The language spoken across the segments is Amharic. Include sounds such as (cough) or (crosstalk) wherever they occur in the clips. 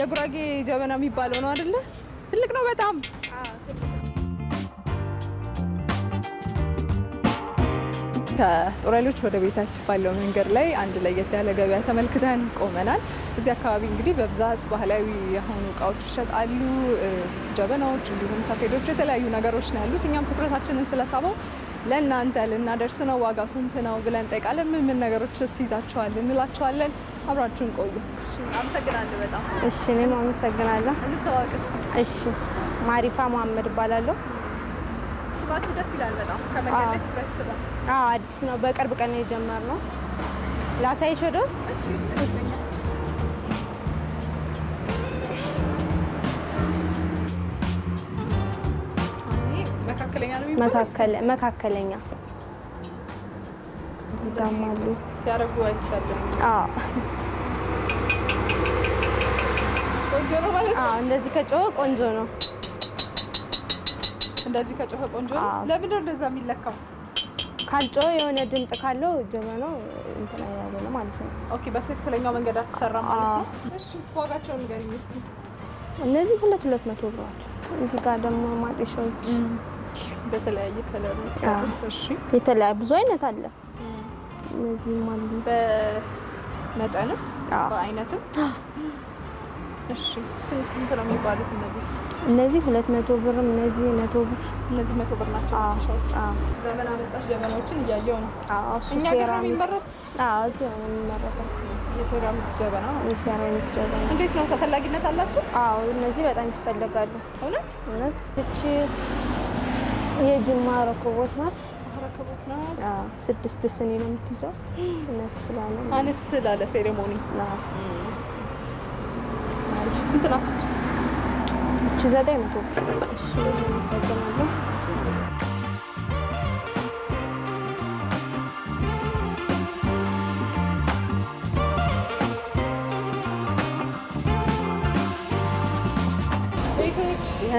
የጉራጌ ጀበና የሚባለው ነው አይደለ? ትልቅ ነው በጣም። ከጦር ኃይሎች ወደ ቤታችን ባለው መንገድ ላይ አንድ ለየት ያለ ገበያ ተመልክተን ቆመናል። እዚህ አካባቢ እንግዲህ በብዛት ባህላዊ የሆኑ እቃዎች ይሸጣሉ። ጀበናዎች፣ እንዲሁም ሰፌዶች፣ የተለያዩ ነገሮች ነው ያሉት። እኛም ትኩረታችንን ስለሳበው ለእናንተ ልናደርስ ነው። ዋጋው ስንት ነው ብለን ጠይቃለን። ምን ምን ነገሮች ስ ይዛችኋል እንላችኋለን። አብራችሁን ቆዩ። አመሰግናለሁ በጣም እሺ። እኔም አመሰግናለሁ። እንታወቅ እስኪ። እሺ፣ ማሪፋ መሀመድ እባላለሁ። ስባቱ ደስ ይላል በጣም ከመገለጥ ብረት ስራ አዲስ ነው፣ በቅርብ ቀን የጀመርነው። ላሳይሽ ወደ ውስጥ። መካከለኛ ነው የሚባለው። መካከለኛ ዳማሉ ሲያደርጉ አይቻልም። እንደዚህ ከጮኸ ቆንጆ ነው። እንደዚህ ከጮኸ ቆንጆ ነው። ለምንድን እንደዛ የሚለካው? ካልጮኸ የሆነ ድምፅ ካለው ጀበናው እንትን ያለ ማለት ነው። ኦኬ፣ በትክክለኛው መንገድ አትሰራም ማለት ነው። እሺ፣ ዋጋቸው ንገሪኝ እስኪ። እነዚህ ሁለት ሁለት መቶ ብር እዚህ ጋር ደግሞ ማጤሻዎች ሰዎች በተለያየ ከለር የተለያየ ብዙ አይነት አለ። እነዚህም አሉ በመጠንም በአይነትም። እሺ ስንት ስንት ነው የሚባሉት እነዚህ? እነዚህ ሁለት መቶ ብር፣ እነዚህ መቶ ብር፣ እነዚህ መቶ ብር ናቸው። አዎ ዘመን አመጣሽ ጀበናዎችን እያየው ነው። አዎ እኛ ጋር የሚመረጥ አዎ የሴራሚክ ጀበና የሴራሚክ ጀበና እንዴት ነው ተፈላጊነት አላቸው? አዎ እነዚህ በጣም ይፈለጋሉ። እውነት እውነት እቺ የጅማ ረኮቦት ናት። ስድስት ስኒ ነው የምትይዘው። አነስ ላለ ሴሬሞኒ ስንት ናት? ዘጠኝ መቶ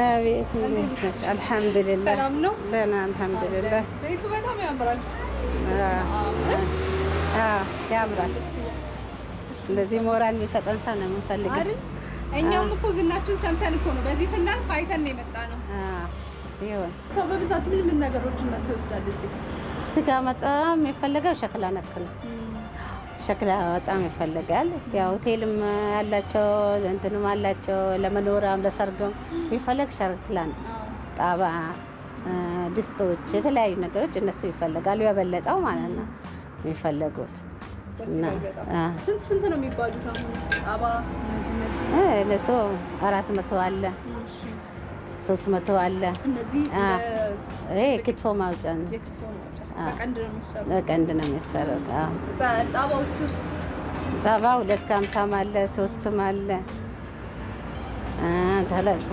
አቤት አልሐምዱሊላህ፣ ሰላም ነው። ደህና አልሐምዱሊላህ። ቤቱ በጣም ያምራል። አዎ ያምራል። እንደዚህ ሞራል የሚሰጠን ሰው ነው የምንፈልገው እኛም እኮ ዝናችሁን ሰምተን እኮ ነው በዚህ ስናልፍ አይተን ነው የመጣ ነው። ይሁን ሰው በብዛት ምን ምን ነገሮችን መጥተው ይወስዳል እዚህ? ስጋ በጣም የሚፈለገው ሸክላ ነክ ነው። ሸክላ በጣም ይፈልጋል። ያው ሆቴልም ያላቸው እንትንም አላቸው ለመኖሪያም ለሰርግም ይፈለግ ሸክላ ነው። ጣባ፣ ድስቶች፣ የተለያዩ ነገሮች እነሱ ይፈልጋሉ። የበለጠው ማለት ነው የሚፈለጉት። ስንት እነሱ አራት መቶ አለ ሶስት መቶ አለ። ክትፎ ማውጫ ነው በቀንድ ነው የሚሰሩት። በቀንድ ጣባዎቹስ? ጣባ ሁለት ከሀምሳም አለ ሶስትም አለ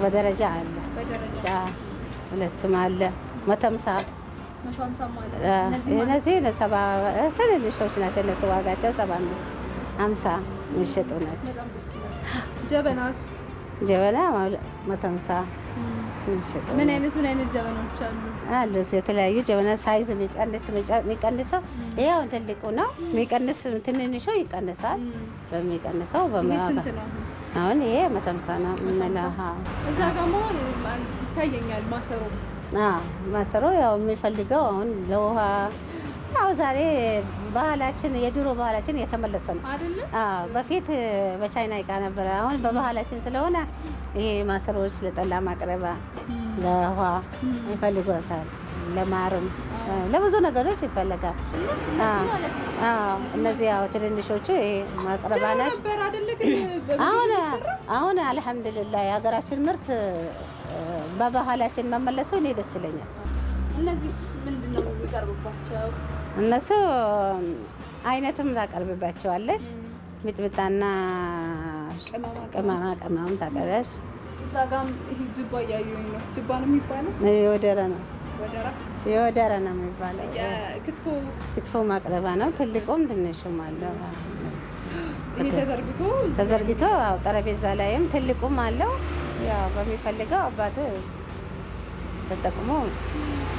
በደረጃ አለ ሁለቱም አለ መተምሳ እነዚህ ለሰባ ትንንሾች ናቸው። እነሱ ዋጋቸው ሰባ አምስት ሀምሳ የሚሸጡ ናቸው። ጀበናስ? ጀበና መተምሳ ነው የሚሸጠው። ምን አይነት ምን አይነት ጀበናዎች አሉ? አሉ የተለያዩ ጀበና ሳይዝ የሚቀንስ የሚቀንሰው ይሄ አሁን ትልቁ ነው። የሚቀንስ ትንንሹ ይቀንሳል። በሚቀንሰው አሁን ይሄ መቶ ሃምሳ እዛ ጋር መሆን ይታየኛል ማሰሮ ማሰሮ ያው የሚፈልገው አሁን ለውሃ አዎ ዛሬ ባህላችን የድሮ ባህላችን የተመለሰ ነው። በፊት በቻይና ይቃ ነበረ። አሁን በባህላችን ስለሆነ ይሄ ማሰሮዎች ለጠላ ማቅረባ፣ ለውሃ ይፈልጓታል፣ ለማርም ለብዙ ነገሮች ይፈለጋል። እነዚህ ያው ትንንሾቹ ይሄ ማቅረባ ናቸው። አሁን አሁን አልሐምዱሊላህ የሀገራችን ምርት በባህላችን መመለሱ እኔ ደስ ይለኛል። እነዚህ ምንድን ነው የሚቀርብባቸው? እነሱ አይነትም ታቀርብባቸዋለሽ። ሚጥሚጣና ቅመማ ቅመም ታቀርቢያለሽ። እዛ ጋም ይሄ ጅባ እያየሁኝ ነው። ጅባ ነው የሚባለው? የወደረ ነው የወደረ ነው የሚባለው። ክትፎ ማቅረባ ነው። ትልቁም ትንሹም አለው (gasps) ተዘርግቶ ጠረጴዛ ላይም ትልቁም አለው። ያው በሚፈልገው አባት ተጠቅሞ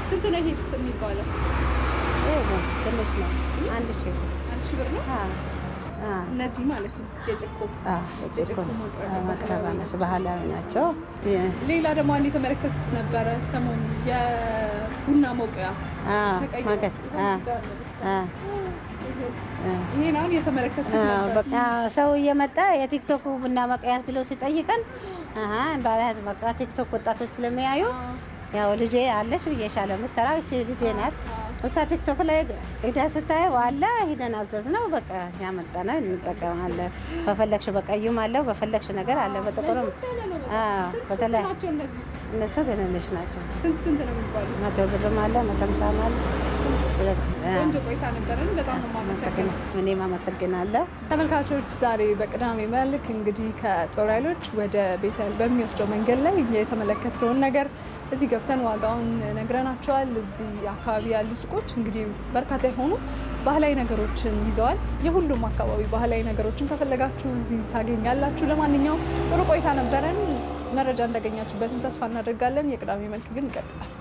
ስንት ነው ይሄስ የሚባለው? ትንሽ ነው። አንድ ብር ነው። እነዚህ ማለት ነው መቅረባ ናቸው፣ ባህላዊ ናቸው። ሌላ ደግሞ አንድ የተመለከትኩት ነበረ የቡና መውቀያ ሰው እየመጣ የቲክቶክ ቡና መቅያት ብሎ ሲጠይቀን ባህላት በቃ ቲክቶክ ወጣቶች ስለሚያዩ ያው ልጄ አለች ብዬሻለሁ። ምሰራው እቺ ልጄ ናት። እሷ ቲክቶክ ላይ ሄዳ ስታየው አለ ሂደን አዘዝ ነው በቃ ያመጣ ነው እንጠቀማለን። በፈለግሽ በቀዩም አለው በፈለግሽ ነገር አለ በጥቁርም በተለይ እነሱ ትንንሽ ናቸው። መቶ ብርም አለ መተምሳም አለ። እኔም አመሰግናለሁ። ተመልካቾች ዛሬ በቅዳሜ መልክ እንግዲህ ከጦር ኃይሎች ወደ ቤተል በሚወስደው መንገድ ላይ የተመለከትከውን ነገር እዚህ ገብተን ዋጋውን ነግረናቸዋል። እዚህ አካባቢ ያሉ ሱቆች እንግዲህ በርካታ የሆኑ ባህላዊ ነገሮችን ይዘዋል። የሁሉም አካባቢ ባህላዊ ነገሮችን ከፈለጋችሁ እዚህ ታገኛላችሁ። ለማንኛውም ጥሩ ቆይታ ነበረን። መረጃ እንዳገኛችሁበትን ተስፋ እናደርጋለን። የቅዳሜ መልክ ግን ይቀጥላል።